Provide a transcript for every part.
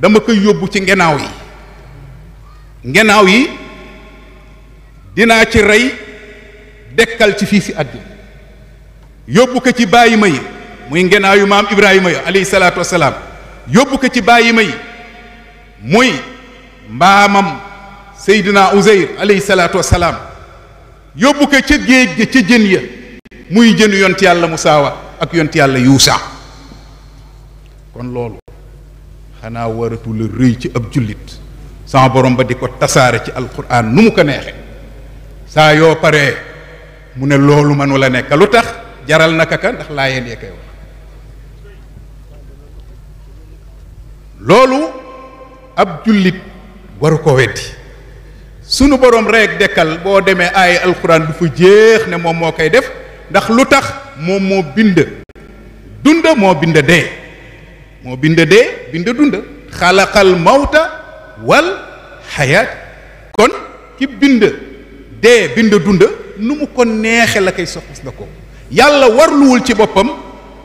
dama koy yóbbu ci ngenaaw yi ngenaaw yi dinaa ci rey dekkal ci fii si àddina yóbbu ko ci bàyyi ma yi muy ngenaaw yu maam ibrahima yi alayhi salaatu wasalaam yóbbu ko ci bàyyi ma yi muy mbaamam seydina Uzeyr alayhi salaatu wasalaam yóbbu ko ca géej ga ca jën ya muy jënu yont yàlla musaawa ak yont yàlla yuusa kon loolu xanaa waratul a rëy ci ab jullit sama borom ba di ko tasaare ci alquran nu mu ko neexe saa yoo paree mu ne loolu mënu la nekk lu tax jaral na ka ndax laayeen yee koy wax loolu ab jullit waru ko weddi sunu borom rek dekkal boo demee ay alxuraan du fa jeex ne moom moo koy def ndax lu tax moom moo bind dund moo bind dee moo bind dee bind dund xalaqal mawta wal xayaat kon ki bind dee bind dund nu mu ko neexe la koy soxis na ko yàlla warluwul ci boppam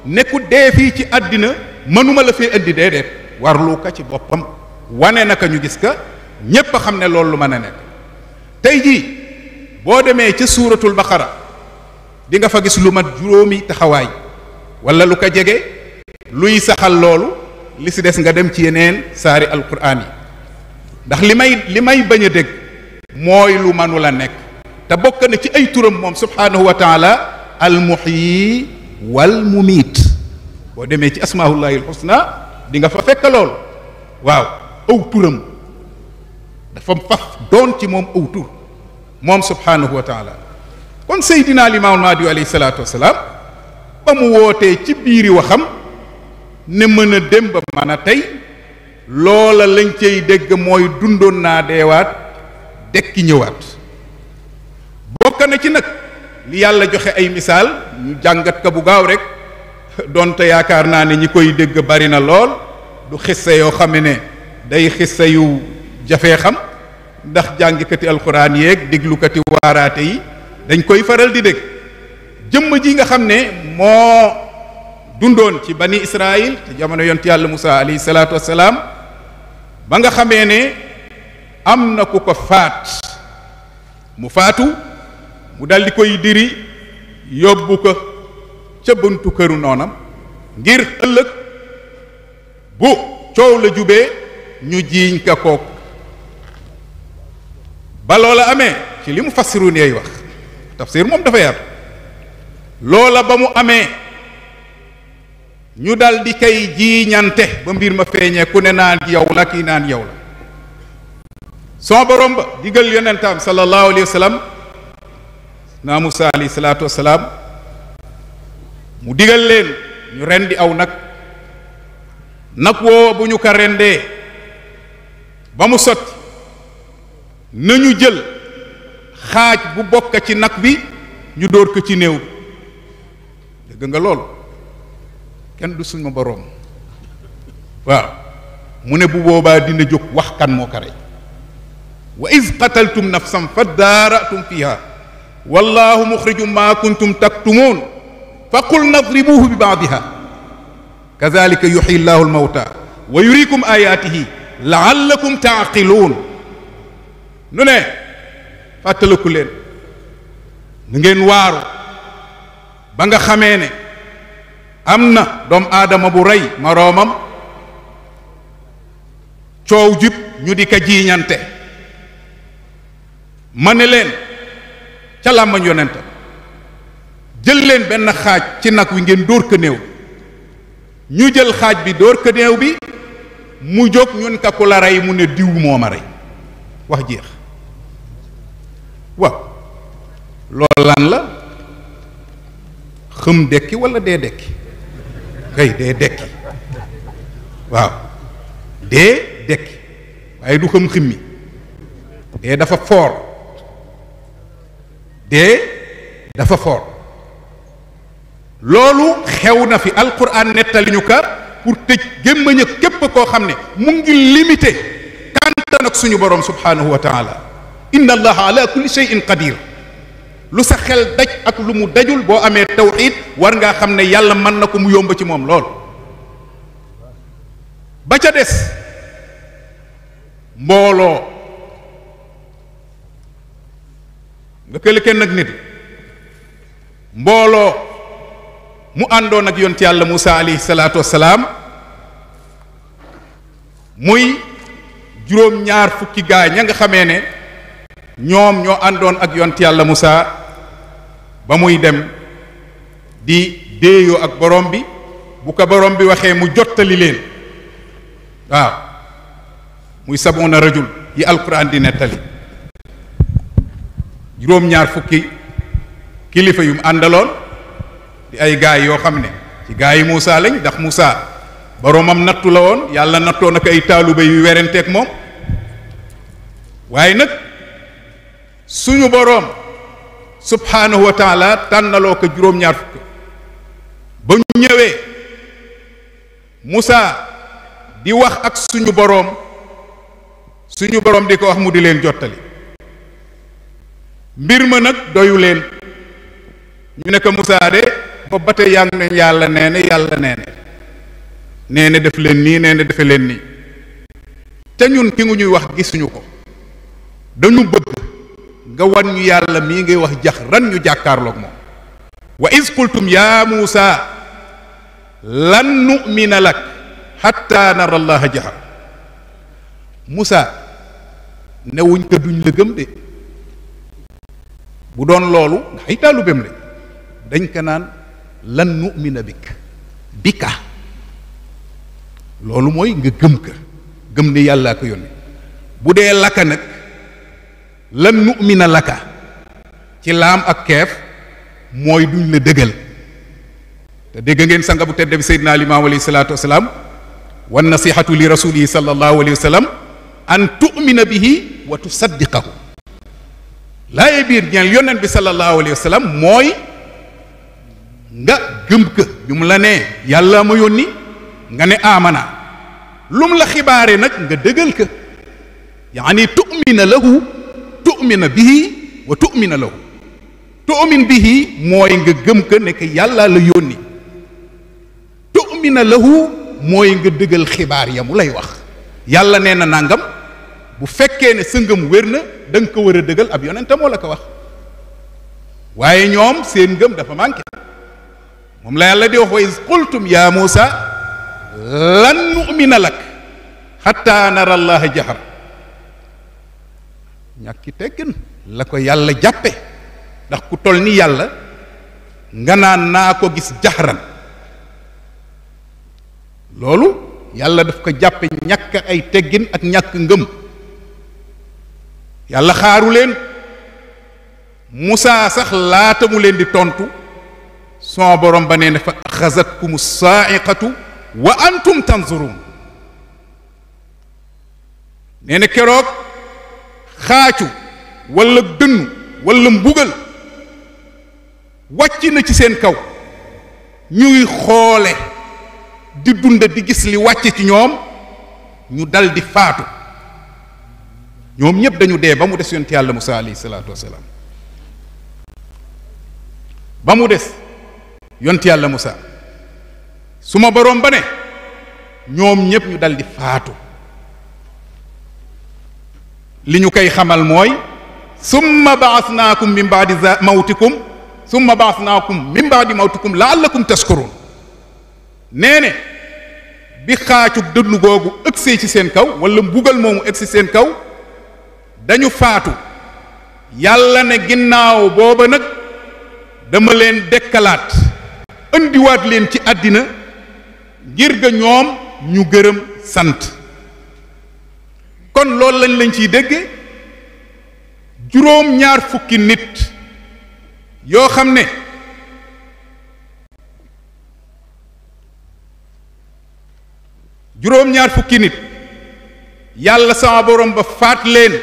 ne ku dee fii ci àddina mënuma la fee indi déedéet warlu ka ci boppam wane naka ñu gis ka ñépp a xam ne loolu lu mën a nekk tey jii boo demee ca suuratul baqara di nga fa gis lu mat juróomi taxawaay wala lu ko jege luy saxal loolu li si des nga dem ci yeneen saari alquran ndax li may li may bañ a dégg mooy lu manu la nekk te bokk na ci ay turam moom subhaanahu wa taala almuhyi wal mumiit boo demee ci asmaullahi alxusna di nga fa fekk lool waaw aw turam dafa faf doon ci moom aw tur moom subhaanahu wa taala kon seydina limaamul mahdi alayhi salaatu wasalaam ba mu wootee ci biiri waxam ne mën a dem ba mën tey loola lañ cay dégg mooy dundoon naa deewaat dekki ñëwaat bokk na ci nag li yàlla joxe ay misaal ñu jàngat ka bu gaaw rek donte yaakaar naa ne ñi koy dégg bari na lool du xisse yoo xam ne day xisse yu jafee xam ndax jàngikati alxuraan yeeg déglukati waaraate yi dañ koy faral di dégg jëmm ji nga xam ne moo dundoon ci bani Israël te jamono yont yàlla Moussa alayhi salaatu wassalaam ba nga xamee ne am na ku ko faat mu faatu mu daldi koy diri yóbbu ko ca buntu këru noonam ngir ëllëg bu coow la jubee ñu jiiñ ka kook ba loola amee ci li mu fassiru neey wax tafsir moom dafa yar loola ba mu amee ñu daldi di kay jiiñante ba mbir ma feeñee ku ne naan yow la kii naan yow la son borom ba digal yonentaam sallallahu alayhi wa sallam naa Musaa alayhi salaatu wa salaam mu digal leen ñu rendi aw nag nag woowa bu ñu ko rendee ba mu sotti nañu jël xaaj bu bokk ci nag bi ñu dóor ko ci néew bi dëgg nga lool kenn du suñu boroom waaw mu ne bu boobaa dina jóg wax kan moo ko rey wa iz qataltum nafsan fa daaratum fiha wallahu muxrijum maa kuntum taktumuun fa qul nadribuuhu bi baadiha kazalika yuxyi llahu almawta wa yurikum ayaatihi laallakum taaqiluun nu ne fàttaliku leen nu ngeen waaru ba nga xamee ne am na doomu aadama bu rey moroomam coow jib ñu di ka jiiñante ma ne leen ca làmmañ yonentam jël leen benn xaaj ci nag wi ngeen dóor ko néew ñu jël xaaj bi dóor ko néew bi mu jóg ñun ka ku la rey mu ne diw moo rey wax jeex waaw loolu la xëm dekki walla dee dekki kay dee dekki waaw dee dekki waaye du xam ximmi dee dafa foor dee dafa foor loolu xew na fi alquran nettali ñu ka pour tëj gémmañ ak képp koo xam ne mu ngi limité kàntan ak suñu borom subhanahu wa taala inna allaha ala kulli shay'in qadir lu sa xel daj ak lu mu dajul boo amee tawxiid war ngaa xam ne yàlla mën na ko mu yomb ci moom lool ba ca des mbooloo nga kële kenn ak nit mbooloo mu àndoon ak ci yàlla Muusa alayhi salaatu wassalaam muy juróom ñaar fukki gaa ña nga xamee ne ñoom ñoo àndoon ak yont yàlla Musaa ba muy dem di déeyoo ak borom bi bu ko boroom bi waxee mu jottali leen waaw muy sabuna rajul yi alquran di nettali juróom-ñaar fukki kilifa yu mu àndaloon di ay gaay yoo xam ne ci gaay yi Musaa lañ ndax Musaa boromam nattu la woon yàlla nattoon ak ay taaluba yu werenteeg moom waaye nag suñu borom subhanahu wa ta'ala tànnaloo ko juróom ñaar fukk ba ñu musa di wax ak suñu borom suñu borom di ko wax mu di leen jottali mbir ma nag doyu leen ñu ne ko musa de ba ba tey yàng nañ yàlla nee na yàlla nee na nee na def leen leen te ñun ki ñuy wax ko dañu bëgg nga wan ñu yàlla mii ngay wax jax ran ñu jàkkaarloog moom wa is qultum ya muusa lan nu'mina lak xatta nara allaha jaxar muusa newuñ ko duñ la gëm de bu doon loolu ndax ay taalubem la dañ ko naan lan nu'mina bik bika loolu mooy nga gëm ka gëm ne yàllaa ko yónni bu dee lakka nag lan nu'mina laka ci lam ak kef moy duñ la dëggal te dégg ngeen sanga bu tedd bi sayyidina ali alayhi salatu wasalaam wan nasihatu li rasuli sallallahu alayhi wa an tu'mina bihi wa tusaddiqahu la yebir ñal yonen bi sallallahu alayhi wa moy nga gëm ke bi mu la ne yàlla ma yoni nga ne amana lum la xibaare nak nga dëggal ke yani tu'mina lahu tu'mina bihi wa tu'mina lahu tu'min bihi mooy nga gëm ko nekk yàlla la yónni tu'mina lahu mooy nga dëggal xibaar ya mu lay wax yàlla nee na nàngam bu fekkee ne sa ngëm wér na da ko war a dëggal ab yonente la ko wax waaye ñoom seen ngëm dafa manqué moom la yàlla di wax wa is qultum ya muusa lan nu'mina lak xatta nara allaha jahar ñàkki teggin la ko yàlla jàppe ndax ku toll ni yàlla nga naan naa ko gis jaxran loolu yàlla daf ko jàppe ñàkk ay teggin ak ñàkk ngëm yàlla xaaru leen Musaa sax laata mu leen di tontu son borom ba nee na fa axasatkum saaiqatu wa antum tanzurun nee na keroog xaacu walla dënnu walla mbugal wàcc na ci seen kaw ñuy xoole di dund di gis li wàcc ci ñoom ñu daldi di faatu ñoom ñépp dañu dee ba mu des yonent yàlla Musaa alayhi salaatu ba mu des yonent yàlla Musaa su ma boroom ba ne ñoom ñépp ñu dal faatu li ñu koy xamal mooy summa baasnaakum min baadi mawtikum summa baasnaakum min baadi mawtikum laallakum tashkurun nee ne bi xaacug dënnu googu ëgsee ci seen kaw walla bugal moomu si seen kaw dañu faatu yàlla ne ginnaaw booba nag dama leen dekkalaat indiwaat leen ci àddina ngir ga ñoom ñu gërëm sant kon loolu lañ lañ ciy dégge juróom ñaar fukki nit yoo xam ne juróom ñaar fukki nit yàlla sama borom ba faat leen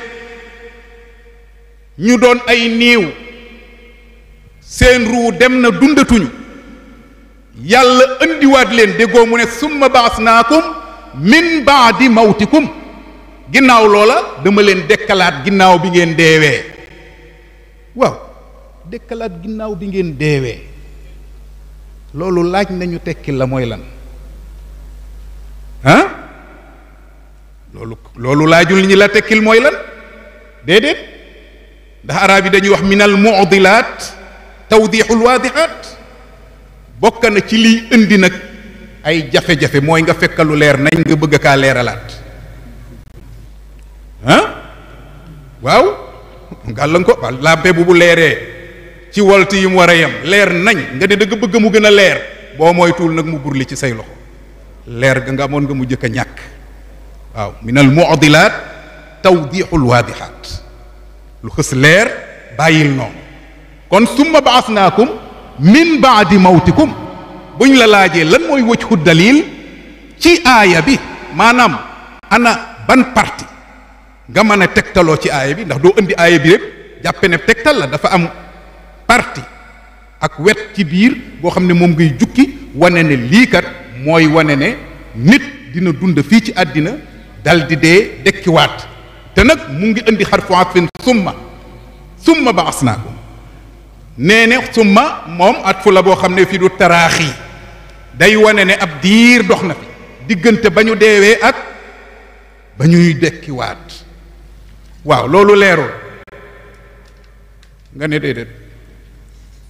ñu doon ay niiw seen ruu dem na dundatuñu yàlla indiwaat leen déggoo mu ne summa baas naakum min baadi mawtikum ginnaaw loola dama leen dekkalaat ginnaaw bi ngeen deewee waaw dekkalaat ginnaaw bi ngeen deewee loolu laaj na ñu tekki la mooy lan ah loolu loolu laajul ñi la tekkil mooy lan déedéet ndax arab yi dañuy wax min al mu'dilaat tawdixul waadixaat bokk na ci liy indi nag ay jafe-jafe mooy nga fekkalu leer nañ nga bëgg kaa leeralaat ah waaw gàllan ko waaw làmpe bu bu leeree ci wolt yi mu war a yem leer nañ nga ne dëgg bëgg mu gën a leer boo moytuwul nag mu burli ci say loxo leer ga nga amoon nga mu jëkk a ñàkk waaw min al mu'dilat tawdixul waadixaat lu xës leer bàyyil noonu kon summa ba'asnaakum min ba'di mawtikum buñ la laajee lan mooy wëccu dalil ci aaya bi maanaam ana ban parti nga mën tegtaloo ci aaya bi ndax doo indi aaya bi yëpp jàppe ne tegtal la dafa am parti ak wet ci biir boo xam ne moom ngay jukki wane ne lii kat mooy wane ne nit dina dund fii ci àddina dal di dee dekkiwaat te nag mu ngi indi xarfu atfin summa summa ba asnaakum nee ne summa moom at fu la boo xam ne fii du taraax yi day wane ne ab diir dox na fi diggante ba ñu deewee ak ba ñuy dekkiwaat waaw loolu leerul nga ne déedéet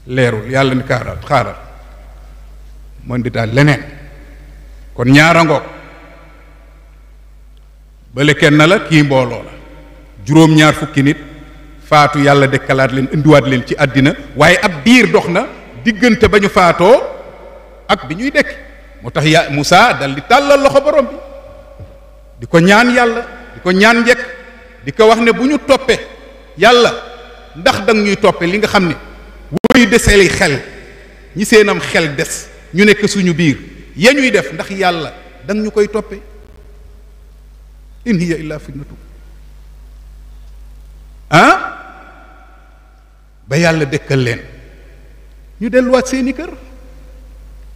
leerul yàlla ni kaaral xaaral mën di daal leneen kon ñaara ngoog bële kenn la kii mbooloo la juróom-ñaar fukki nit faatu yàlla dekkalaat leen indiwaat leen ci àddina waaye ab biir dox na diggante ba ñu faatoo ak bi ñuy dekk moo tax ya Moussa dal di tàllal loxo borom bi di ko ñaan yàlla di ko ñaan njëkk di ko wax ne bu ñu toppee yàlla ndax danga ñuy toppee li nga xam ne woyu deseli xel ñi seenam xel des ñu nekk suñu biir ya ñuy def ndax yàlla danga ñu koy toppee in hiya illa fitnatu ah ba yàlla dëkkal leen ñu delluwaat seeni kër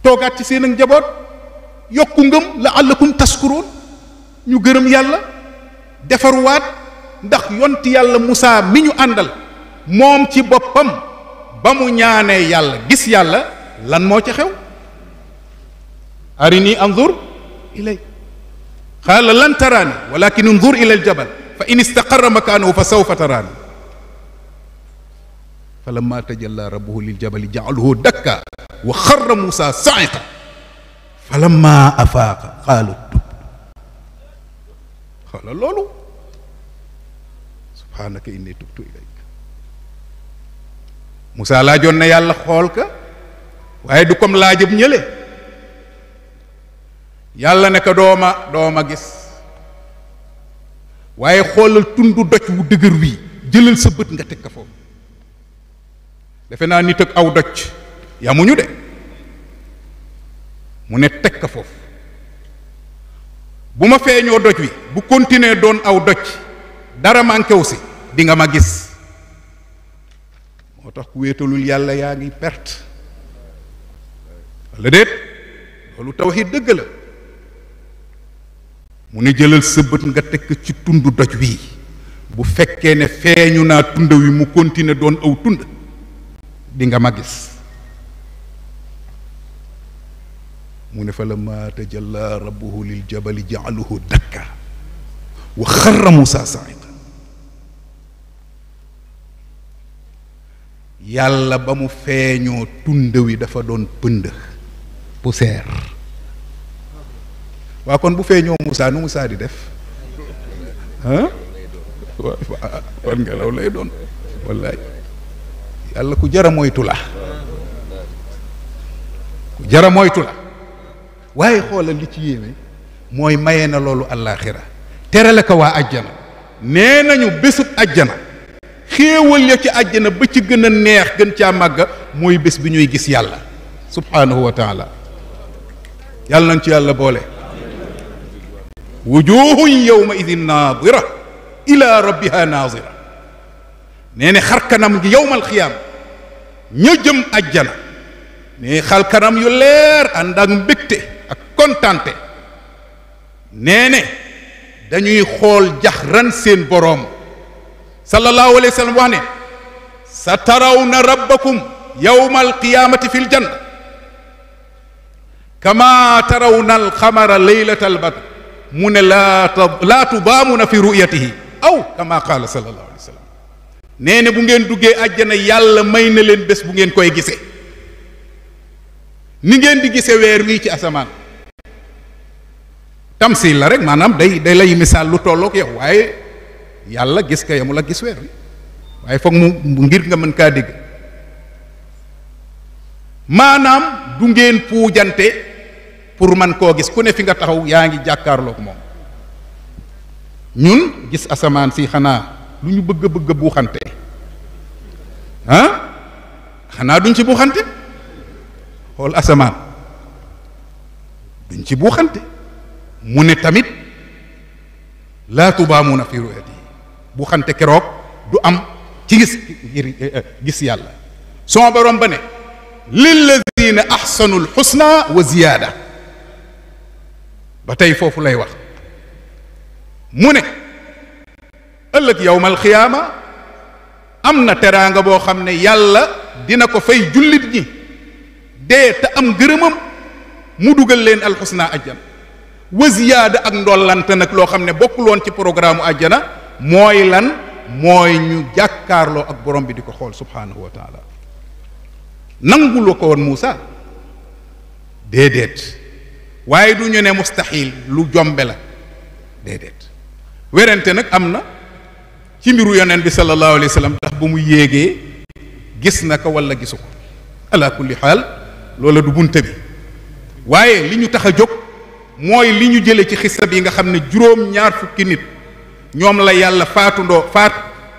toogaat ci seen ak njaboot yokku ngëm la àllakum taskuroon ñu gërëm yàlla defaruwaat ndax yont yàlla Moussa mi ñu àndal moom ci boppam ba mu ñaanee yàlla gis yàlla lan moo ca xew arini anzur ilay qala lan tarani walakin انظر الى الجبل فان استقر مكانه فسوف تراني فلما تجلى ربه للجبل جعله دكا وخر موسى صعقا فلما افاق قالوا تب قال لولو subhaanaka inni tubtu ilayk laajoon na yàlla xool ka waaye du kom laajëb ñële yàlla ne ko dooma dooma gis waaye xoolal tundu doj wu dëgër wii jëlal sa bët nga teg ka foofu defe naa nit ak aw doj yamuñu de mu ne teg ka foofu bu ma feeñoo doj wi bu continuer doon aw doj dara manqué si dinga ma gis moo tax ku wéetalul yàlla yaa ngi perte walla déet loolu tawxiid dëgg la mu ne jëlal sa nga teg ci tund doj wi bu fekkee ne feeñu naa tund wi mu continuer doon aw tund dinga ma gis mu ne fa lamma tajalla rabbuhu lil jabali jaaluhu dakka wa xarra Muusaa sa'iqan yàlla ba mu feeñoo tund wi dafa doon pënd poussière waa kon bu feeñoo Moussa nu Moussa di def ah wan ngelaw lay doon wallaay yàlla ku jara moytu la ku jara moytu la waaye xoolal li ci yéeme mooy maye na loolu àllaaxira tere la ko waa ajjana nee nañu bésub ajjana xewal ya ci aljana ba ci gëna neex gën ci màgg moy bés bi ñuy gis yàlla subhanahu wa taala yàlla nañ ci yàlla boole wujuhun yawma idhin naadira ila rabbiha naadira neene xar kanam gi yowmal xiyaam ñu jëm aljana ne xal kanam yu leer ànd ak mbégte ak contenté neene dañuy xol jaxran seen borom sallallahu alayhi wa sallam wax ne sa tarawna rabbakum yowma alqiyaamati fi ljanna kama tarawna alxamara leylata albatr mu ne laa laa tubaamuna fi ru'yatihi aw kama qaala sallallahu alayhi wa sallam bu ngeen duggee àjjana yàlla may na leen bés bu ngeen koy gisee ni ngeen di gisee weer wii ci asamaan tamsil la rek maanaam day day lay misaal lu tollook yow waaye yalla gis ka yamula gis wer wi waaye mu ngir nga man ka deg manam du ngeen puujante pour man ko gis ku ne fi nga taxaw yaangi jakarlo jàkkaarloog ñun gis asaman si xana luñu bëgg bëgg bu xanté ah xana duñ ci xanté hol asaman duñ ci xanté mu ne tamit la tubamuna fi ru'yati bu xante kérok du am ci gis gis yàlla sama borom bané lil ladina ahsanu husna wa ziyada batay fofu lay wax muné ëlëk ëllëg yowm alxiyaama am na teraanga boo yàlla dina ko fay julit ñi dé ta am gëreemam mu duggal leen al husna ajjana wa ziyada ak ndolante nak lo xamné bokul won ci programme aljana mooy lan mooy ñu jàkkaarloo ak borom bi di ko xool subhaanahu wa taala nangu la ko woon Muusa déedéet waaye du ñu ne mustaxil lu jombe la déedéet werante nag am na ci mbiru yonent bi sallallahu alayhi wa sallam ndax ba gis na ko wala gisu ko ala kulli xaal loola du bunte bi waaye li ñu tax a jóg mooy li ñu jële ci xisab yi nga xam ne juróom ñaar fukki nit ñoom la yàlla faatundoo faat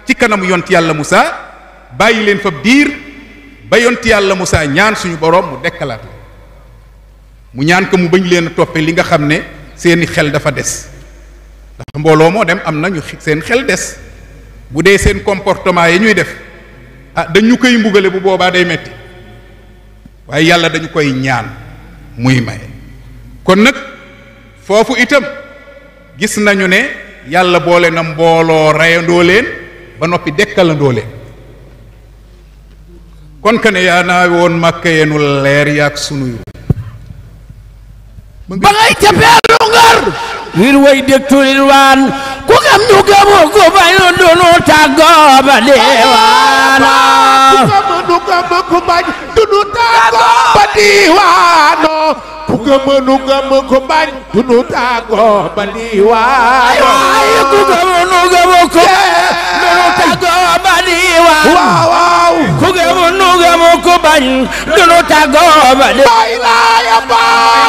ci kanamu yont yàlla Musaa bàyyi leen fab diir ba yont yàlla Musaa ñaan suñu boroom mu dekkalaat mu ñaan ko mu bëñ leen toppe li nga xam ne seeni xel dafa des ndax mbooloo moo dem am na ñu seen xel des bu dee seen comportement yi ñuy def ah dañu koy mbugale bu boobaa day metti waaye yàlla dañu koy ñaan muy maye kon nag foofu itam gis nañu ne yàlla boole na mbooloo reyandoo leen ba noppi dekkalandoo leen kon ka yaa naa woon màkk yeenu leer yaag sunuyu ba ngay ca ngar ngir way dégtu lil ku gëm ñu gëmu ku bañu dunu tàggoo ba diiwaano ku gëm ku bañ dunu tàggoo ba diiwaano ku gëm nu gëm ku bañ dunu tàggoo ba diiwaano ay ku gëm nu gëm ku dunu tàggoo ba diiwaano ku gëm nu gëm ku bañ dunu tàggoo ba diiwaano ay laaya ba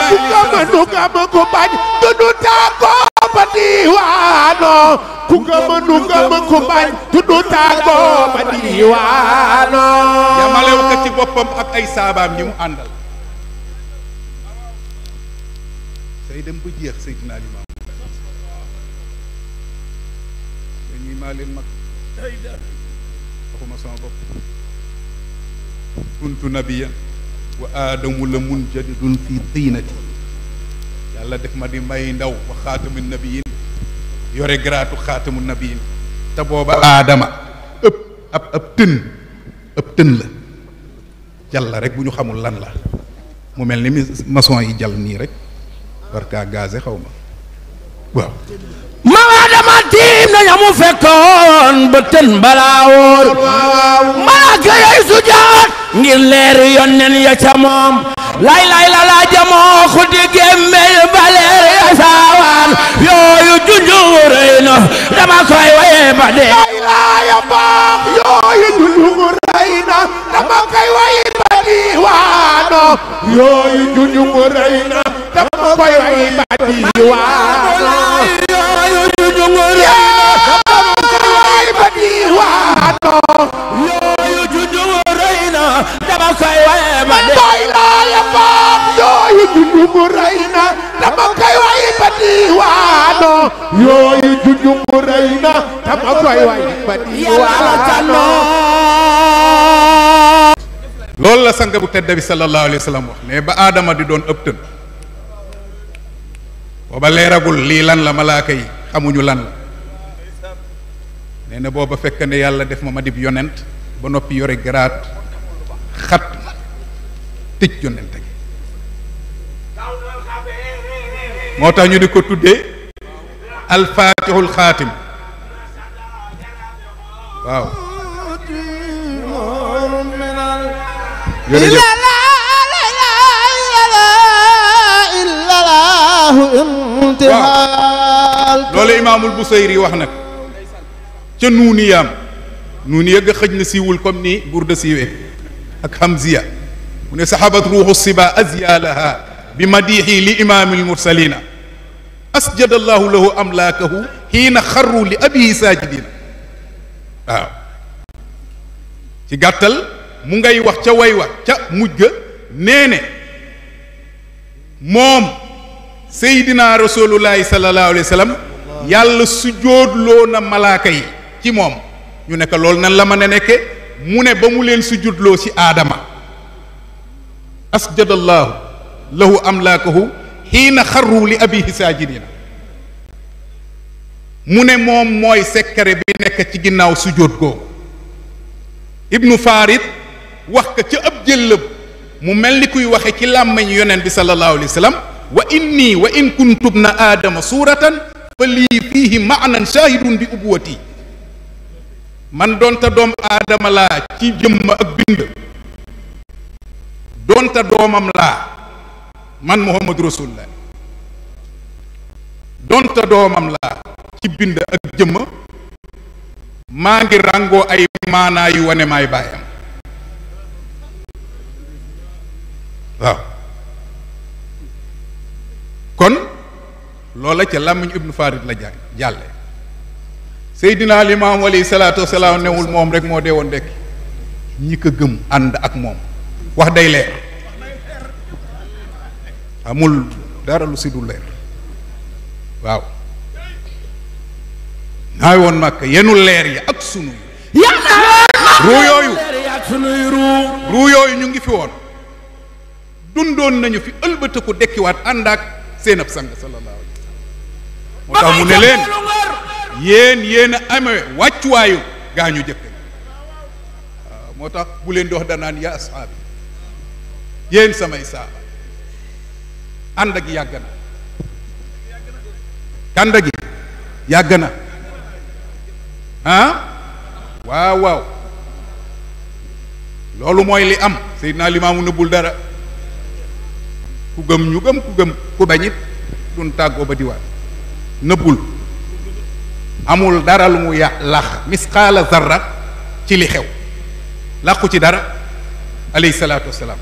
ku gëm nu gëm ku bañ dunu tàggoo ba diwaanoo ku gëm nu gëm ku bañ tuddu tàggoo ba diwaanoo yamalew ko ci boppam ak ay saabaam ñi mu àndal day dem ba jeex Seydina Limaam dañuy maa leen mag waxuma sama bopp kuntu nabiyan wa aadamu la munjadidun fi tiinati yàlla def ma di may ndaw wa xaatamu nabiyin yore garaatu xaatamu nabiyin te booba aadama ëpp ab ab tën ab tën la jal rek bu ñu xamul lan la mu mel ni maçon yi jal nii rek war kaa gaze xaw ma waaw maam aadama tiim nañu mu fekkoon ba tën ngir leer yonnen ya ca moom lay lay la la jamoo xuti gémmel baleer ya saawaan yooyu junjuurey na dama koy waye ba dee lay lay ya baax yooyu junjuurey na dama koy waye ba diiwaano yooyu junjuurey na dama koy waye ba diiwaano yooyu junjuurey na dama koy waye ba diiwaano yooyu la sang bu tedd bi sallallahu alayhi wax ne ba aadama di doon ëpp booba leeragul lii lan la malaaka yi xamuñu lan la nee na booba fekk ne yàlla def ma ma dib yonent ba noppi yore garaat xat tëj yonent moo tax ñu di ko tuddee alfatihul xaatim waaw jërëjëf waaw loolu imaamul Busayri wax nag ca nuuniyaam nuuni yëgg xëj na siiwul comme ni Burda siiwee ak Hamziya mu ne saxabat ruuxu siba aziya laha بمديحه لإمام المرسلين أسجد الله له أملاكه حين خروا لأبيه ساجدين waaw ci gàttal mu ngay wax ca way wax ca mujj ga nee ne moom seydina rasulullahi sallallahu alayhi wa sallam yàlla sujjóotloo na malaaka yi ci moom ñu ne ko loolu nan la mën a nekke mu ne ba mu leen sujjóotloo ci aadama asjadallahu lahu amlaakahu xiina xarru li abihi saajidina mu ne moom mooy sekkare bi nekk ci ginnaaw sujjóot googu ibnu farid wax ko ca ab jëllëb mu mel ni kuy waxe ci làmmiñ yonent bi sallallahu alayhi wa sallam wa wa in kuntub na aadama suuratan fa lii fiihi maanan shaahidun bi ubuwati man doonta doom aadama laa ci jëmm ak bind doonta doomam laa man muhammadu rasulullah donte doomam laa ci bind ak jëmm maa ngi ràngoo ay maanaa yu wane may baayam waaw kon loola ca làmmiñ ibnu farid la jàng jàlle seydinaa limaam salaatu wasalaam newul moom rek moo dee woon dekk ñi ko gëm ànd ak moom wax day leer amul dara lu si du leer waaw naa woon màkk yenu leer yi ak sunuy ruu ruu yooyu ñu ngi fi woon dundoon nañu fi ëlbëtëku dekkiwaat ànd ak seen ab sang sallallahu moo tax mu ne leen yéen yéen a amee wàccuwaayu gaa ñu jëkk waaw moo tax bu leen di danaan yaa ashaabi yéen samay saaba ànd gi yàgg na ànd gi yàgg na ah waaw waaw loolu mooy li am Seydina Limaamu nëbbul dara ku gëm ñu gëm ku gëm ku bañit dun tàggoo ba diwaan nëbbul amul dara lu mu yàq lax misqaala zarra ci li xew làqu ci dara alayhi salaatu wassalaam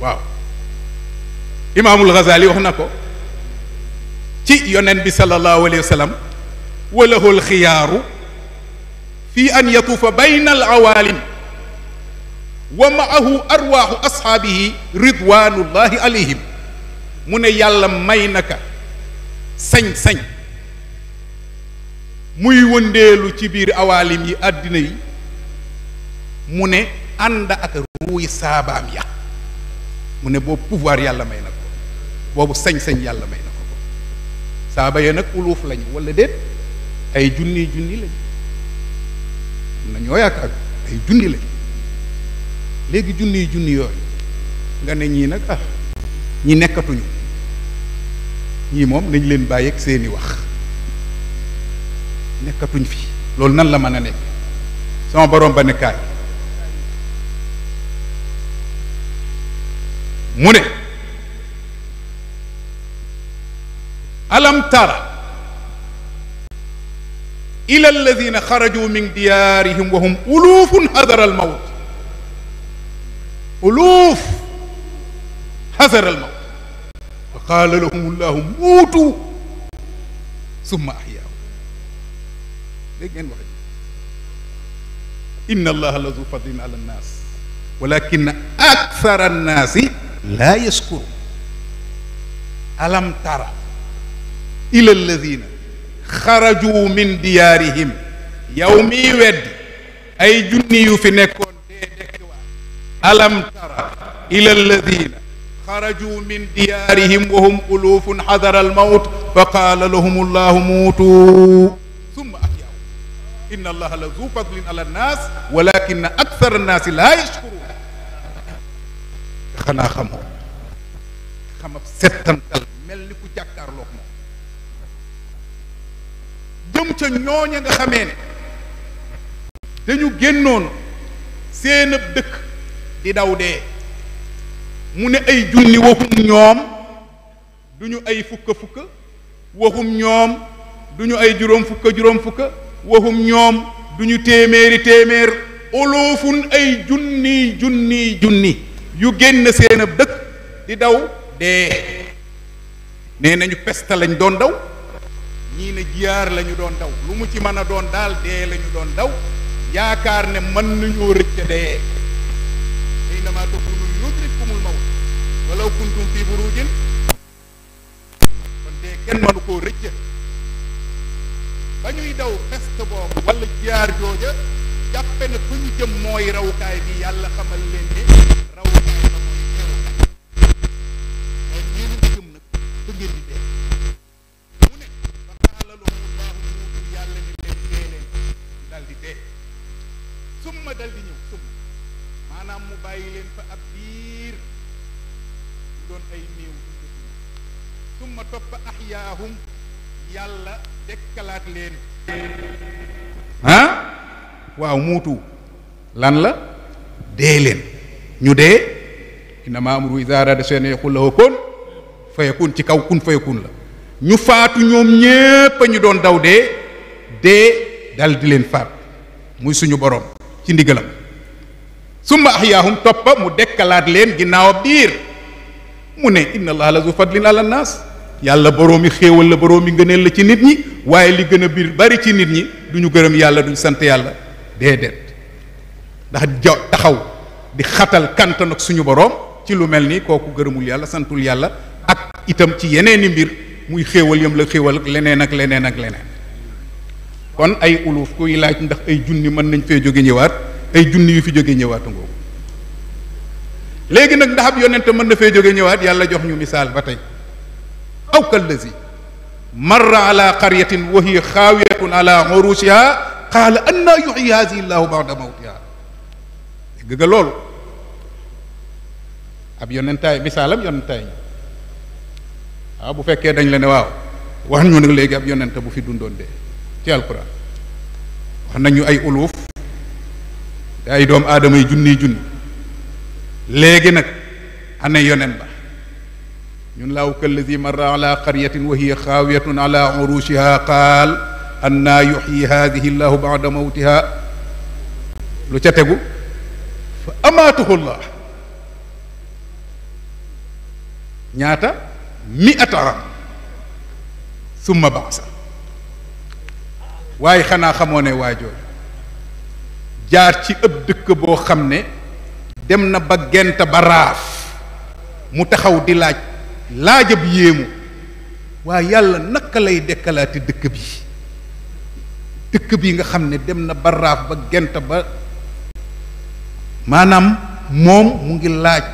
waaw imaamul Ghazali wax na ko ci yonent bi sallallahu alayhi wa sallam walahul xiyaaru fi an yatuufa bayna al awaalim wa maahu arwaaxu asxaabihi ridwanullahi alayhim mu ne yàlla may naka sañ-sañ muy wëndeelu ci biir awaalim yi àddina yi mu ne ak ruuy saabaam ya mu ne pouvoir yàlla may boobu sañ-sañ yàlla may na ko saaba ya nag uluuf lañu wala déet ay junni junni lañu am na ñoo yaakaar ay junni lañu léegi junni junni yooyu nga ne ñii nag ah ñi nekkatuñu ñii moom nañ leen bàyyi ak seeni wax nekkatuñ fi loolu nan la mën a nekk sama borom ba ne mu ne ألم ترى إلى الذين خرجوا من ديارهم وهم ألوف حذر الموت ألوف حذر الموت فقال لهم الله موتوا ثم أحياهم إن الله لذو فضل على الناس ولكن أكثر الناس لا يشكرون ألم ترى الى الذين خرجوا من ديارهم يومي ود اي جني في نكون الم ترى الى الذين خرجوا من ديارهم وهم الوف حذر الموت فقال لهم الله موتوا ثم احياوا ان الله لذو فضل على الناس ولكن اكثر الناس لا يشكرون خنا خمو خمو ستم كل ملكو جاكار لوخمو jëm ca ñooña nga xamee ne dañu génnoon seen ab dëkk di daw dee mu ne ay junni waxum ñoom duñu ay fukka fukka waxum ñoom duñu ñu juróom fukka juróom téeméeri téeméer oloofun ay junni junni junni yu génn seen ab dëkk di daw dee nee nañu peste lañ doon daw ñii ne jiyaar lañu doon daw lu mu ci mën a doon daal dee la doon daw yaakaar ne mën nañoo rëcc dee innama takunu yudrikkumul mawt walaw kuntum fi burujin kon dee kenn mënu koo rëcc ba ñuy daw peste boobu wala jiyaar jooja jàppe na fu ñu jëm mooy rawukaay bi yàlla xamal leen ne rawukaay ba mooy jëm nag bëggeen di dee summa dal di ñëw maanaam mu bàyyi leen fa ab biir doon ay néew summa topp axyaahum yàlla dekkalaat leen ah waaw muutu lan la dee leen ñu dee innama amru iza arada shay'an yaqul lahu kun ci kaw kun fayakun la ñu faatu ñoom ñépp ñu doon daw dee dee dal leen faat muy suñu boroom ci ndigg ndigalam summa ahyaahum toppa mu dekkalaat leen ginnaaw ab diir mu ne inna allaha la zu fadlin ala nnaas yàlla boroomi xéewal la boroomi ngëneel la ci nit ñi waaye li gën a biir bari ci nit ñi duñu gërëm yàlla du sant yàlla déedéet ndax jo taxaw di xatal kantan ak suñu boroom ci lu mel ni kooku gërëmul yàlla santul yàlla ak itam ci yeneeni mbir muy xéewal yam la xéewal leneen ak leneen ak leneen kon ay uluf kuy laaj ndax ay junni mën nañ fee jóge ñëwaat ay junni yu fi jóge ñëwaatu ngoogu léegi nag ndax ab yonent mën na fee jóge ñëwaat yàlla jox ñu misaal ba tey aw kallazi marra ala qaryatin wa hiya xaawiyatun ala urushiha qaala anna yuhyi haadihi llahu ba'da mawtiha dégg loolu ab yonentaay misaalam yonentaay ñi waaw bu fekkee dañ la ne waaw wax ñu nag léegi ab yonente bu fi dundoon dee ci alquran wax nañu ay uluf ay doom adamay junni junni legi nak ané yonen ba ñun laaw kalladi marra ala qaryatin wa hiya khawiyatun ala urushiha qal anna yuhyi hadhihi allah bada mawtiha lu ca tegu fa amatuhu allah ñaata mi'ata am summa baasa waaye xanaa xamoo ne waajooju jaar ci ëpp dëkk boo xam ne dem na ba gent ba raaf mu taxaw di laaj laaja laajab yéemu waaye yàlla naka lay dekkalaati dëkk bi dëkk bi nga xam ne dem na ba raaf ba gent ba maanaam moom mu ngi laaj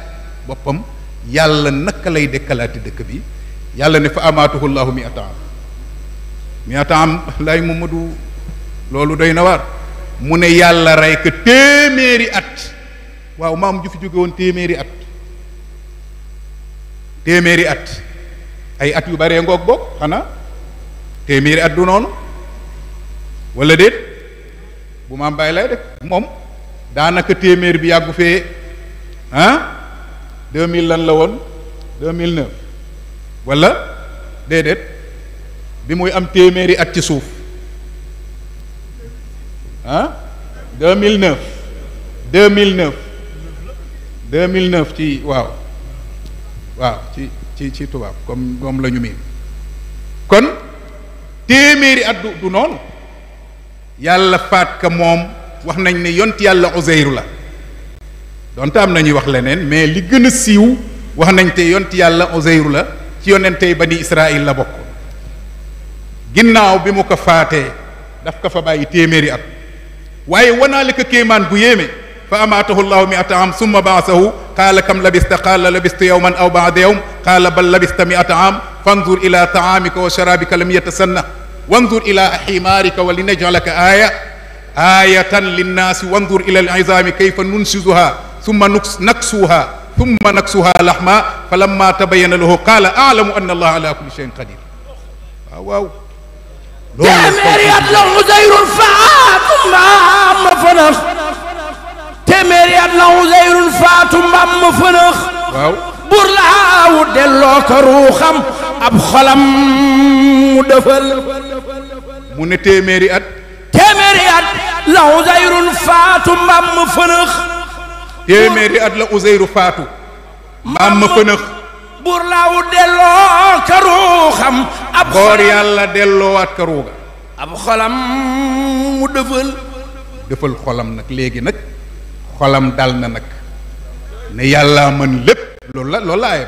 boppam yàlla naka lay dekkalaati dëkk bi yàlla ne fa amaatuhu llahu mi ataan miata am lay Mamadu loolu doy na war mu ne yàlla rey ko téeméeri at waaw maam ju fi jógewoon téeméeri at téeméeri at ay at yu baree ngoog bokk xanaa téeméeri at du noonu wala déet bu maam bàyyi lay rek moom daanaka téeméer bi yàggu fee ah deux mille lan la woon deux mille neuf wala déedéet bi muy am téeméeri at ci suuf ah 2009 2009 2009 ci waaw waaw ci ci ci tubaab comme moom lañu ñu kon téeméeri at du du noonu yàlla faat ka moom wax nañ ne yont yàlla Uzayru la donte am nañuy wax leneen mais li gën a siiw wax nañ te yont yàlla Uzayru la ci yonentey bani Israil la bokk ginnaw bi mu ko faatee daf ka fa bàyyi téméri at waaye wanaalika kéemaan bu yéme fa amatahu allah miata am summa baasahu qala kam labista qala labista yawman aw ba'd yawm qala bal labista miata am fanzur ila taamika wa sharabika lam yatasanna wanzur ila himarika wa linajcalaka aaya aayatan linnaasi wanzur ila al'izami kayfa nunshizuha summa naksuha summa naksuha laxma falamma tabayana lahu qaala aclamu anna allaha ala kulli cheyin qadir waaw waaw téeméeri at la Uzayrun faatu mbaam ma fënax téeméeri at la Uzayrun faatu mbaam ma fënax waaw buur laa wu delloo ko ruuxam ab xolam mu defal mu ne téeméeri at téeméeri at la Uzayrun faatu mbaam ma fënax téeméeri at la Uzayru faatu mbaam ma fënax buur laawu delloo ka ruuxam ab góor yàlla delloowaat ka ruuga ab xolam mu dëfal dëfal xolam nag léegi nag xolam dal na nag ne yàlla mën lépp loolu la loolu laaya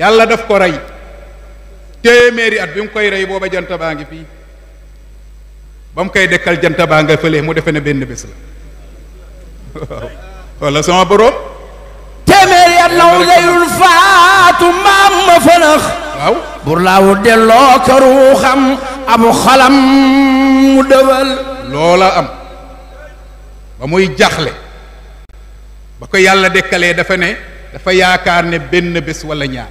yàlla daf ko rey téeméeri at bi mu koy rey booba jant baa ngi fii ba mu koy dekkal jant baa nga fële mu defe ne benn bés la walla sama boroom téeméeri delloo gayrul faatu maam ma fënax waaw burlaawu delloo ka ruuxam abu xalam mu dëwal loola am ba muy jaxle ba ko yàlla dekkalee dafa ne dafa yaakaar ne benn bés wala ñaar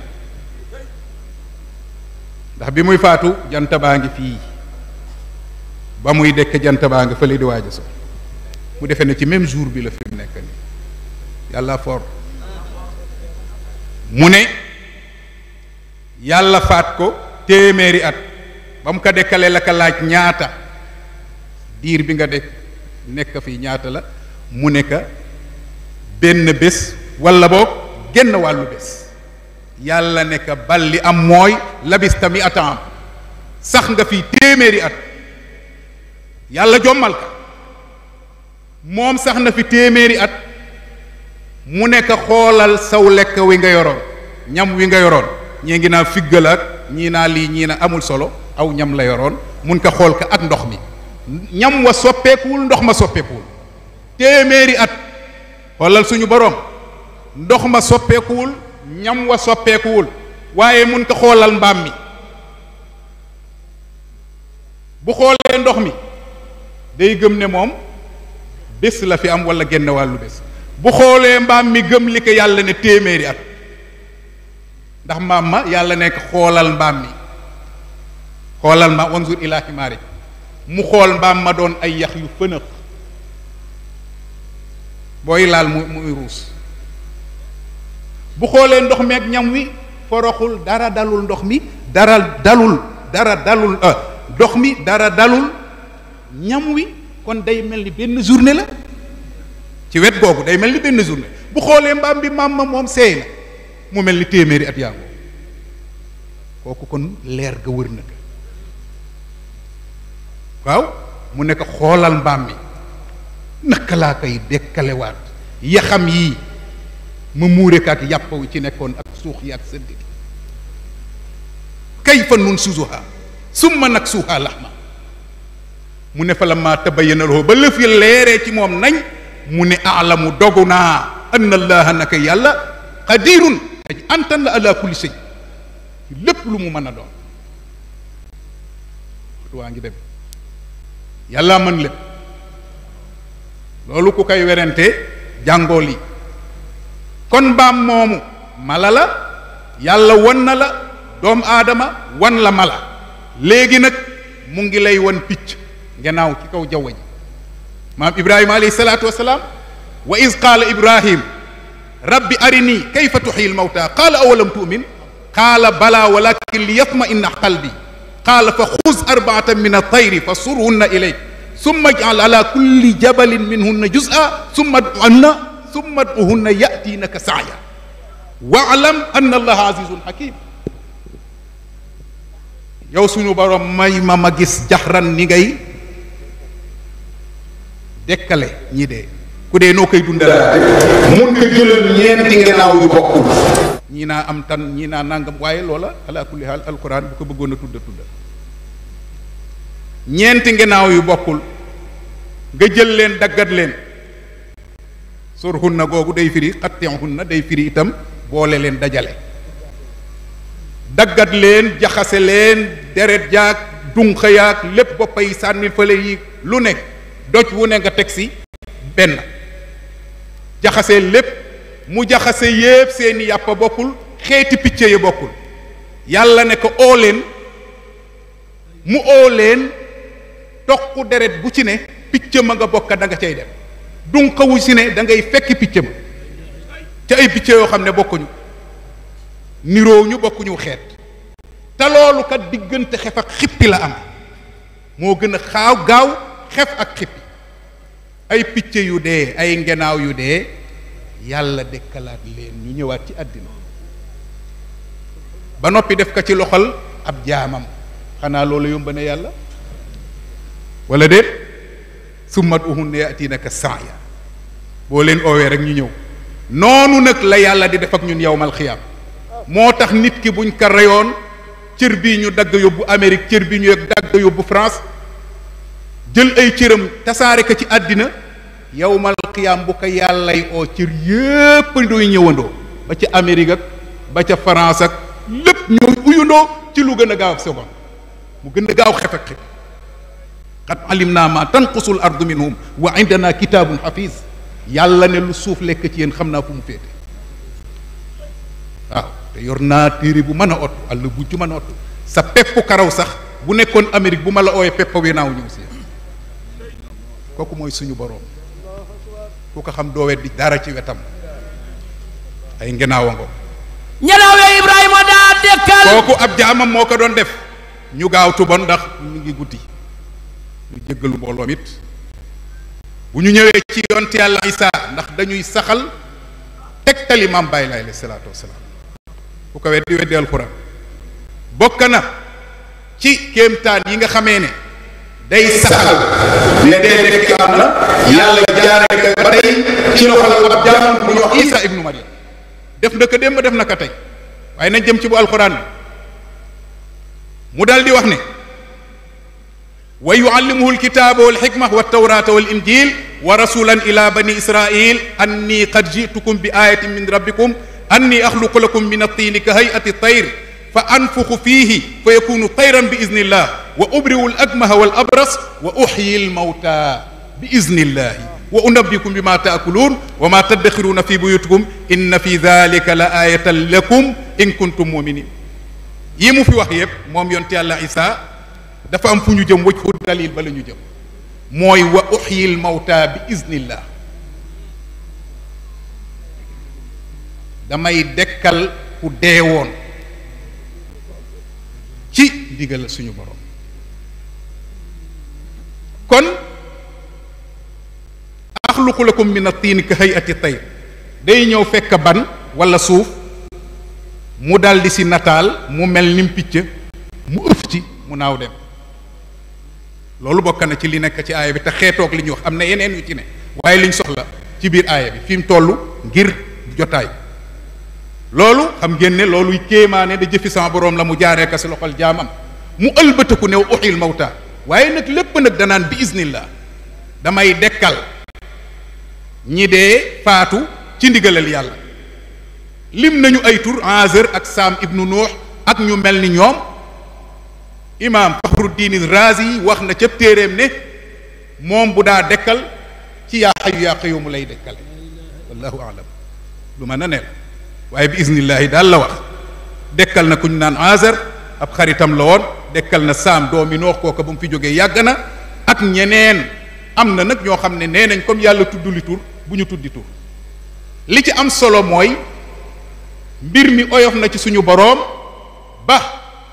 ndax bi muy faatu jant baa ngi fii ba muy dekk jant baa ngi fële di waaj a so mu defe ne ci même jour bi la fi mu nekk nii yàlla fort mu ne yàlla faat ko téeméeri at ba mu ko dekkalee la ko laaj ñaata diir bi nga de nekk fii ñaata la mu ne ka benn bés walla boog genn wàllu bés yàlla ne ka am mooy labista mi atam sax nga fii téeméeri at yàlla jommal ka moom sax na fi téeméeri at mu nekk xoolal saw lekk wi nga yoroon ñam wi nga yoroon ñii ngi naa figgal ak ñii naa lii ñii na amul solo aw ñam la yoroon mun ko xool ka ak ndox mi ñam wa soppeekuwul ndox ma soppeekuwul téeméeri at xoolal suñu boroom ndox ma soppeekuwul ñam wa soppeekuwul waaye mun ko xoolal mbaam mi bu xoolee ndox mi day gëm ne moom bés la fi am walla genn wàllu bés bu xoolee mbaam mi gëm li ko yàlla ne téeméeri at ndax mbaam ma yàlla nekk xoolal mbaam mi xoolal ma wanzur ila himaari mu xool mbaam ma doon ay yax yu fënëx booy laal mu muy ruus bu xoolee ndox meeg ñam wi foroxul dara dalul ndox mi dara dalul dara dalul ndox mi dara dalul ñam wi kon day mel ni benn journée la ci wet gogou day melni ben benn journée bu xolé mbam bi mam ma moom seey na mu melni téméri at yaa kooku kon leer ga wër na waaw mu nekk xoolal mbaam mi naka kay dekkale wat ya xam yi mu kaak kat wi ci nekkon ak suux yi ak sëddi kayfa nun suzuha summa naksuha lahma mu ne fa lama maa tabayanaloo ba leuf yi léré ci mom nañ mu ne alamu dogu naa anna allaha naka yàlla qadirun aji antan la ala kulli lépp lu mu mën a doon waa ngi dem yàlla mën lépp loolu ku koy werante jàngoo yi kon mbaam moomu mala la yàlla won na la doom aadama wan la mala léegi nag mu ngi lay won picc ngenaaw ci kaw jaww ji مام إبراهيم عليه الصلاة والسلام وإذ قال إبراهيم ربي أرني كيف تحيي الموتى قال أولم تؤمن قال بلى ولكن ليطمئن قلبي قال فخذ أربعة من الطير فصرهن إليك ثم اجعل على كل جبل منهن جزءا ثم ادعهن ثم ادعهن يأتينك سعيا واعلم أن الله عزيز حكيم يوسف بارم ماي ماما جس جحرا نيغي dekkale ñi de ku dee noo koy dundalaate mun nga jëlal ñeenti gannaaw yu bokkul ñii naa am tan ñii naa nangam waaye loola ala kulli bu ko bëggoon a tudda tudda ñeenti gannaaw yu bokkul nga jël leen daggat leen na googu day firi na day firi itam boole leen dajale daggat leen jaxase leen deret jaag dunq yaag lépp boppay sànni fële yi lu nekk doj wu ne nga teg si benn jaxasee lépp mu jaxase yépp seeni yàpp bokkul xeeti picc yi bokkul yàlla ne ko oo leen mu oo leen toq deret bu ci ne picc ma nga bokk da nga cay dem dunqawu ci ne da ngay fekk picc ma ci ay picc yoo xam ne bokkuñu niroo ñu bokkuñu xeet te loolu kat diggante xef ak xippi la am moo gën a xaaw gaaw xef ak xippi ay picc yu dee ay ngenaaw yu dee yàlla dekkalaat leen ñu ñëwaat ci àddina ba noppi def ko ci loxol ab jaamam xanaa loolu yomb ne yàlla wala déet summat uhunna yaatinaka saaya boo leen oowee rek ñu ñëw noonu nag la yàlla di def ak ñun yowmal xiyaam moo tax nit ki buñ ko reyoon cër bii ñu dagg yóbbu Amérique cër bi ñu dagg yóbbu France jël ay cëram tasaare ko ci àddina yowmal qiyaam bu ko yàllay oo cër yépp doy ñëwandoo ba ca Amérique ak ba ca France ak lépp ñooy uyandoo ci lu gën a gaaw ak sobam mu gën a gaaw xef ak xef xat alim naa ma tanqusul ardu minhum wa indana kitaabun hafiz yàlla ne lu suuf lekk ci yéen xam naa fu mu féete waaw te yor naa téere bu man a ottu àll bu ci mën a ottu sa peppu karaw sax bu nekkoon Amérique bu ma la ooyee peppa we naaw ñëw si kooku mooy suñu boroom ku ko xam doo weddi dara ci wetam ay ngenaawa ngo ngenaaw ya Ibrahima daa dekkal kooku ab jaamam moo ko doon def ñu gaaw tubon ndax ñu ngi guddi ñu jéggalu mbooloom it bu ñu ñëwee ci yonte yàlla Isa ndax dañuy saxal tegtali maam bàyyi laay la salaatu wasalaam ku ko weddi weddi alxuraan bokk na ci kéemtaan yi nga xamee ne day saxal ne dee nekk am na yàlla jaaree ko batay ci ci loxol ab jaam bu ñu wax isa ibn maryam def na ko dem def na ko tay way nañ jëm ci bu alquran mu daldi wax ne wa yuallimuhu alkitaba walxikma waltawrata walinjil wa rasulan ila bani israil anni qad jitukum bi ayatin min rabbikum anni axluqu lakum min attini ka hayati tayr فأنفخ فيه فيكون طيرا بإذن الله وأبرئ الأكمه والأبرص وأحيي الموتى بإذن الله وأنبئكم بما تأكلون وما تدخرون في بيوتكم إن في ذلك لآية لكم إن كنتم مؤمنين يمو في وحيب موم يونتي الله عيسى دا فا ام am fu ñu jëm wëj fu dalil ba la ñu jëm mooy wa uxyil mawta bi iznillah ci ndigal suñu borom kon axluqu lakum min at-tin ka hay'ati tayr day ñëw fekk ban walla suuf mu daldi si nataal mu mel nim picc mu ëf ci mu naaw dem loolu bokk na ci li nekk ci aaya bi te xeetoog li ñu wax am na yeneen yu ci ne waaye liñ soxla ci biir aaya bi fi mu toll ngir jotaay loolu xam ngeen ne looluy kéemaane da jëfi sama boroom la mu jaaree ka si loxol jaamam mu ëlbëtaku new uxil mawta waaye nag lépp nag danaan bi iznillah damay dekkal ñi dee faatu ci ndigalal yàlla lim nañu ay tur Azar ak Saam ibnu Nuux ak ñu mel ni ñoom imaam Faxruddin Razi wax na ca téereem ne moom bu daa dekkal ci yaa xayu yaa qayyuum lay dekkale wallahu alam lu mën a ne waaye bi yi daal la wax dekkal na ku ñu naan Azar ab xaritam la woon dekkal na saam doomi noox kooka ba mu fi jógee yàgg na ak ñeneen am na nag ñoo xam ne nee nañ comme yàlla tudd li tur bu ñu tuddi tur li ci am solo mooy mbir mi oyof na ci suñu boroom ba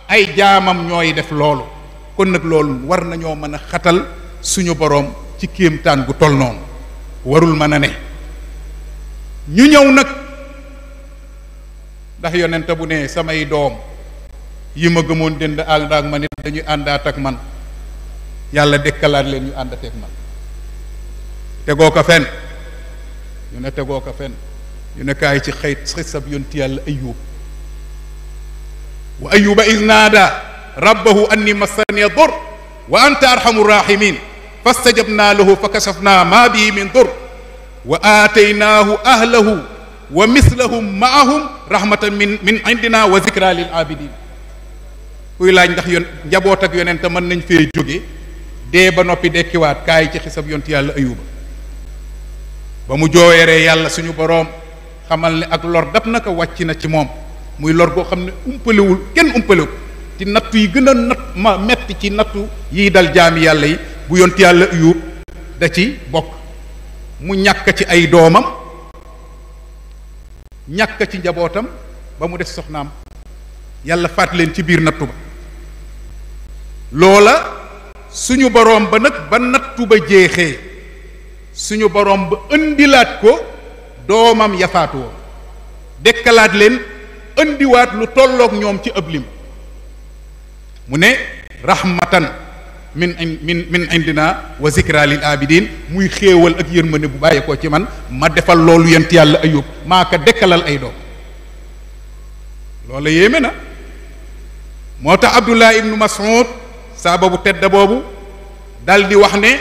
ay jaamam ñooy def loolu kon nag loolu war nañoo mën a xatal suñu boroom ci kéemtaan gu toll noonu warul mën a ne ñu ñëw nag ndax yonent bu ne samay dom yima gëmon gëmoon dënd ànd ak man it dañuy àndaat ak man yàlla dekkalat len ñu ak man te goko fen ñu ne te goko fen ñu ne kay ci xeyt xissab yonti yàlla ayyub wa ayuba iznada rabbahu anni massaniya dur wa anta arhamur rahimin fastajabna lahu fakashafna ma bihi min dur wa aataynaahu ahlahu ومثلهم معهم رحمة من من عندنا وذكرى للعابدين kuy laaj ndax yon njaboot ak yonent mën nañ fee jóge dee ba noppi dekkiwaat kaay ci xisab yont yàlla ayuba ba mu jooweeree yàlla suñu boroom xamal ne ak lor dab na ko wàcc na ci moom muy lor goo xam ne umpalewul kenn umpalewu ci nattu yi gën a natt ma metti ci nattu yiy dal jaami yàlla yi bu yont yàlla ayub da ci bokk mu ñàkk ci ay doomam ñàkk ci njabootam ba mu des soxnaam yàlla faat leen ci biir nattu ba loola suñu boroom ba nag ba nattu ba jeexee suñu boroom ba indilaat ko doomam yafaatu woon dekkalaat leen indiwaat lu tollook ñoom ci ëb lim mu ne rahmatan min min min indina wa zikra lil abidin muy xéewal ak yërmande bu bàyyeekoo ci man ma defal loolu yent yàlla ayub maa ko dekkalal ay doom loola yéeme na moo tax abdullah ibnu mas'ud saaba bu tedd boobu dal di wax ne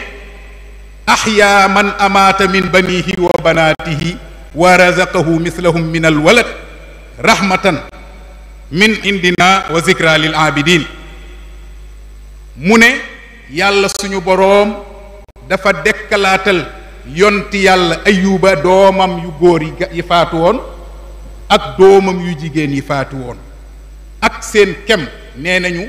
axyaa man amaata min banihi wa banaatihi wa razaqahu mislahum min alwalad rahmatan min indina wa zikra lil abidin mu ne yàlla suñu boroom dafa dekkalaatal yonti yàlla ayuba doomam yu góor yi faatu woon ak doomam yu jigéen yi faatu woon ak seen kem nee nañu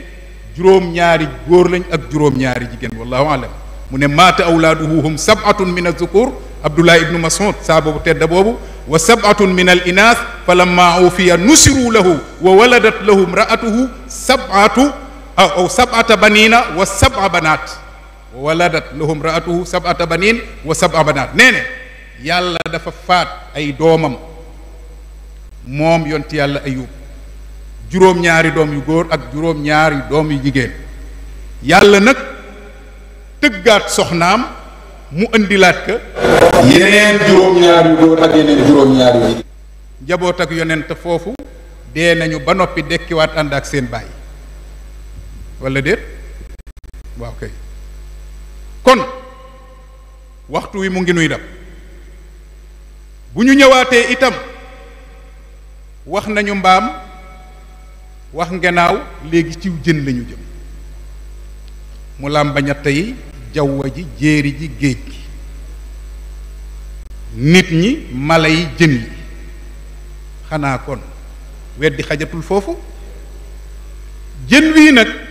juróom-ñaari góor lañ ak juróom-ñaari jigéen wallahu alam mu ne maata awlaaduhum sabatun min azukur abdullah ibnu masud saa boobu tedda boobu wa sabatun min al inaas fa lamma ufiya nusiru lahu wa waladat lahu mraatuhu sabatu aw aw sab'ata banina wa sab'a banaat wa waladat lahum ra'atuhu sab'ata wa sab'a banaat yàlla dafa faat ay doomam moom yonti yàlla ayub juróom-ñaari doom yu góor ak juróom-ñaari doom yu jigéen yàlla nag tëggaat soxnaam mu indilaat ka yeneen juróom-ñaari ak yeneen jigéen njaboot ak yonent foofu dee nañu ba noppi dekkiwaat ànd ak seen bàyyi wala déet waaw kay kon waxtu wi mu ngi nuy dab bu ñu ñëwaatee itam wax nañu mbaam wax ngenaaw léegi ciw jën lañu jëm mu làmba ñett yi jawwa ji jéeri ji géej gi nit ñi mala yi jën yi xanaa kon weddi xajatul foofu jën wii nag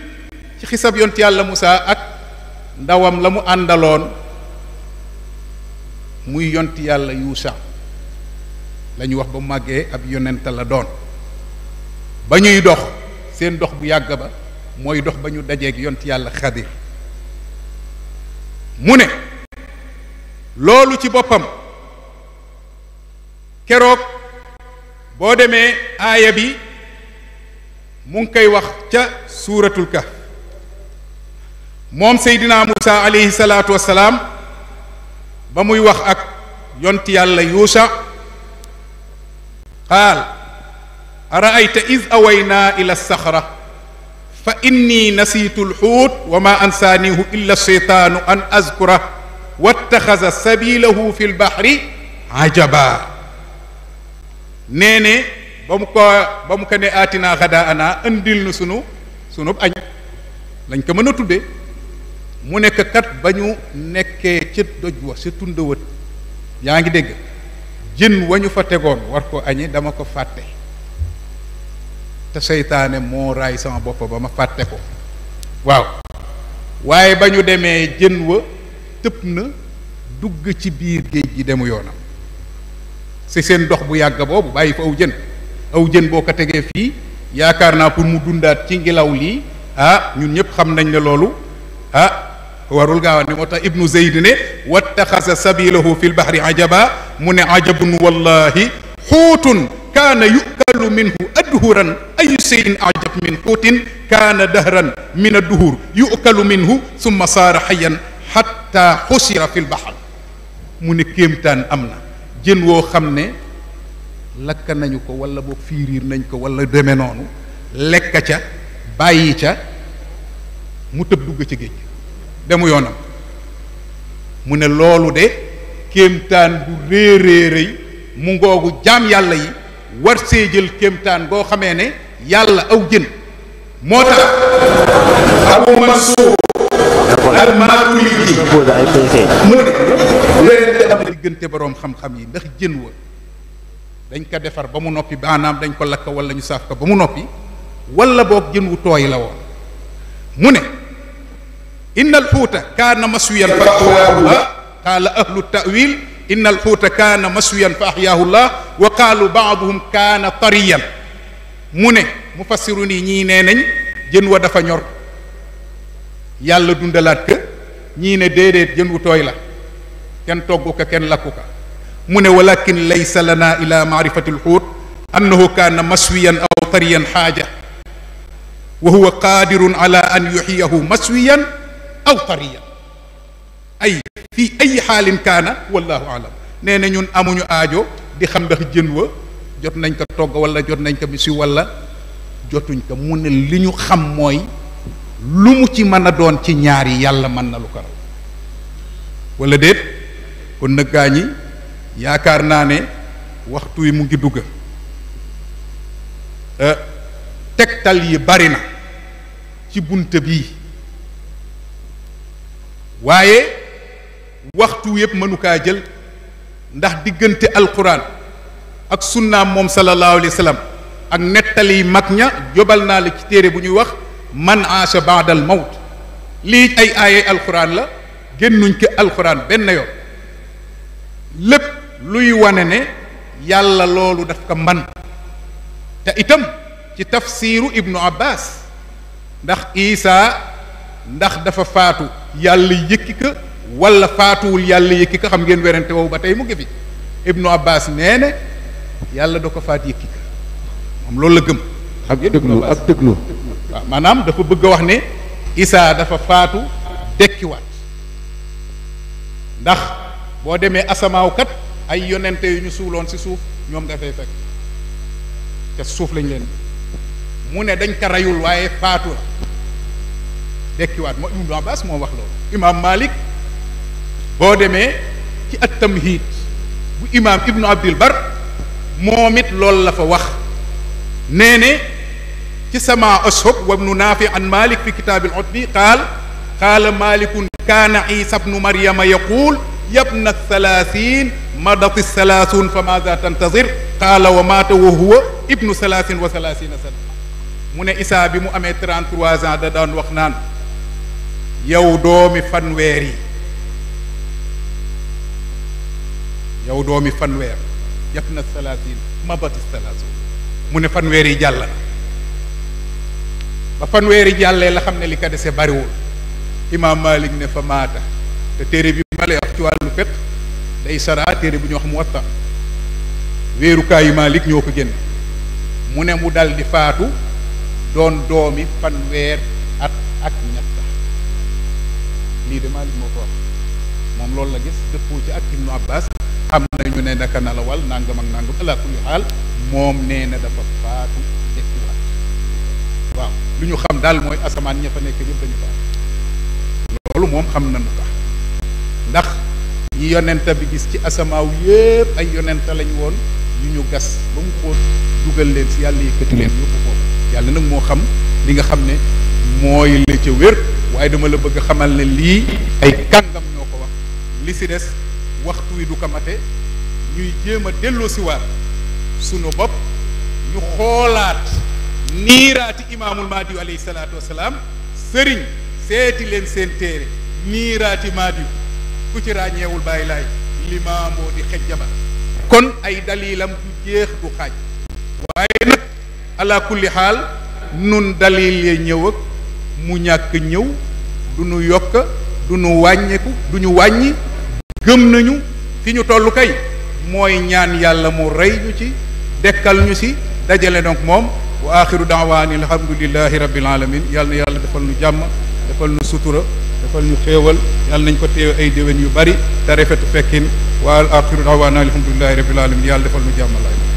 ci xisab yonti yalla musa ak ndawam lamu andalon muy yonti yalla Yuusa la wax ba magge ab yonenta la doon bañuy dox seen dox bu yagga ba moy dox bañu ñu ak yonti yalla khadir mune ne ci bopam kérok bo démé aya bi mu ngi wax ca suratul kahf moom seydinaa Muusa aleyhi salaatu wasalaam ba muy wax ak yonti yàlla yuusa qaal araayta id awaynaa ila saxra fa inni nasiitu alxuut wa ma ansaanihu illa alcheytaanu an azkura wattaxaza sabilahu fi lbaxri ajaba nee ne ba mu ko ba mu ko ne aatinaa xadaana andil nu sunu sunub añ lañ ko mën a tuddee mu nekk kat ba ñu nekkee ca doj wa ca tund yaa ngi dégg jën wa ñu fa tegoon war ko añi dama ko fàtte te seytaane moo raay sama bopp ba ma fàtte ko waaw waaye ba ñu demee jën wa tëb na dugg ci biir géej gi demu yoonam si seen dox bu yàgg boobu bàyyi fa aw jën aw jën boo ko tegee fii yaakaar naa pour mu dundaat ci ngelaw lii ah ñun ñëpp xam nañ ne loolu ah warul gaaw ne moo tax ibnu zeyd ne wattaxasa sabilahu fi lbahri ajaba mu ne ajabun wallahi xuutun kaana yukalu minhu adhuran ayu seyin ajab min xuutin kaana dahran min adduhur yukalu minhu summa saara xayan xatta xusira fi lbaxar mu ne kéemtaan am na jën woo xam ne lakk nañu ko wala boog fiiriir nañ ko wala deme noonu lekk ca bàyyi ca mu tëb dugg ci géej demu yoonam mu ne loolu de kéemtaan bu réerée rëy mu ngoogu jaam yàlla yi war see jël kéemtaan goo xamee ne yàlla aw jën moo tax abu mansuur al maturidi mu ne leen am na diggante boroom xam-xam yi ndax jën wa dañ ko defar ba mu noppi baanaam dañ ko lakk wala ñu saaf ko ba mu noppi wala boog jën wu tooy la woon mu ne إن الحوت كان مسويا فأحياه الله قال أهل التأويل إن الحوت كان مسويا فأحياه الله وقالوا بعضهم كان طريا من مفسرون ني نين جن ودا فا نيور يالا دوندالات ك ني ن ديدت جن وتوي لا كان توغو ك كن لاكوكا من ولكن ليس لنا الى معرفه الحوت انه كان مسويا او طريا حاجه وهو قادر على ان يحييه مسويا aw tariya ay fii ay xaalin kaana wallahu alam nee na ñun amuñu aajo di xam ndax jën wa jot nañ ko togg walla jot nañ ko bisi wala jotuñ ko mu ne li ñu xam mooy lu mu ci mën a doon ci ñaar yi yàlla mën na lu ko raw wala déet kon nag gaa ñi yaakaar naa ne waxtu yi mu ngi dugg eh, tegtal yi bari na ci bunte bii waaye waxtu yépp mënu jël ndax diggante alquran ak sunnaam moom sallallahu alayhi wa ak nettali mag ña jobal naa la ci téere bu ñuy wax man aasha baadal mawt lii ay aayay alquran la génnuñ ko alquran benn yoon lépp luy wane ne yàlla loolu daf ko man te itam ci tafsiru ibnu abbas ndax isa ndax dafa faatu yàlla yëkki ka wala faatuwul yàlla yëkki ka xam ngeen werante woowu ba tey mu ngi fi ibnu abbas nee ne yàlla doo ko faat yëkki ka moom loolu la gëm ak déglu déglu maanaam dafa bëgg a wax ne isaa dafa faatu dekkiwaat ndax boo demee asamaawkat ay yonente yu ñu suuloon si suuf ñoom nga fay fekk te suuf lañ leen mu ne dañ ko reyul waaye faatu la dekkiwaat moo ibnu abbas moo wax loolu imam malik boo demee ci at tamhid bu imam ibnu abdul bar moom it loolu la fa wax nee ne ci sama ashab wa ibnu naafi an malik fi kitab al utbi qaal qaala malikun kaana isa bnu maryama yaqul yabna thalathin madat thalathun fa maada tantazir qaala wa maata wa huwa ibnu thalathin wa thalathina sana mu ne isaa bi mu amee 33 ans da daan wax naan yow doomi fanweer yi yow doomi fanweer jaf na salaasin mabati salaasin mu ne fanweer yi jàll na ba fanweer yi jàllee la xam ne li ko dese bariwul imaam Malik ne fa maata te téere bi ma lay wax ci wàllu fépp day saraa téere bu ñu wax mu watta wéerukaayu Malik ñoo ko génn mu ne mu dal di faatu doon doomi fanweer at ak demain de Maalik moo ko wax moom loolu la gis depp ci ak ibn Abbas am ñu ne naka na la wal nangam ak nangam ala kulli hal mom neena dafa faatu wa waaw lu ñu xam dal moy asaman ña fa nekk ñepp dañu faatu loolu mom xam na nu tax ndax ñi yonenta bi gis ci asamaaw yépp ay yonenta lañ woon yu ñu gas ba mu xóot dugal leen si yàlla yëkkati leen yóbbu ko yàlla nag moo xam li nga xam ne mooy la ca wér waaye dama la bëgg xamal ne lii ay kàngam ñoo ko wax li si des waxtu wi du ko mate ñuy jéem a delloo si sunu bopp ñu xoolaat niiraati imaamul maadiyu alayhi salaatu sëriñ seeti leen seen téere niiraati maadiyu ku ci ràññeewul bàyyi laay limaamoo di xejjaba kon ay dalilam du jeex du xaaj waaye nag ala kulli xaal nun dalil ya mu ñàkk ñëw du ñu yokk du ñu wàññeeku du ñu wàññi gëm nañu fi ñu toll kay mooy ñaan yàlla mu rey ñu ci dekkal ñu si dajale donc moom wa axiru daawaani alhamdulillahi rabbil alamin yàlla na yàlla defal ñu jàmm defal ñu sutura defal ñu xéewal yàlla nañ ko teew ay déwén yu bari te rafetu fekkin wa axiru daawaani alhamdulillahi rabbil alamin yàlla defal ñu jàmm laay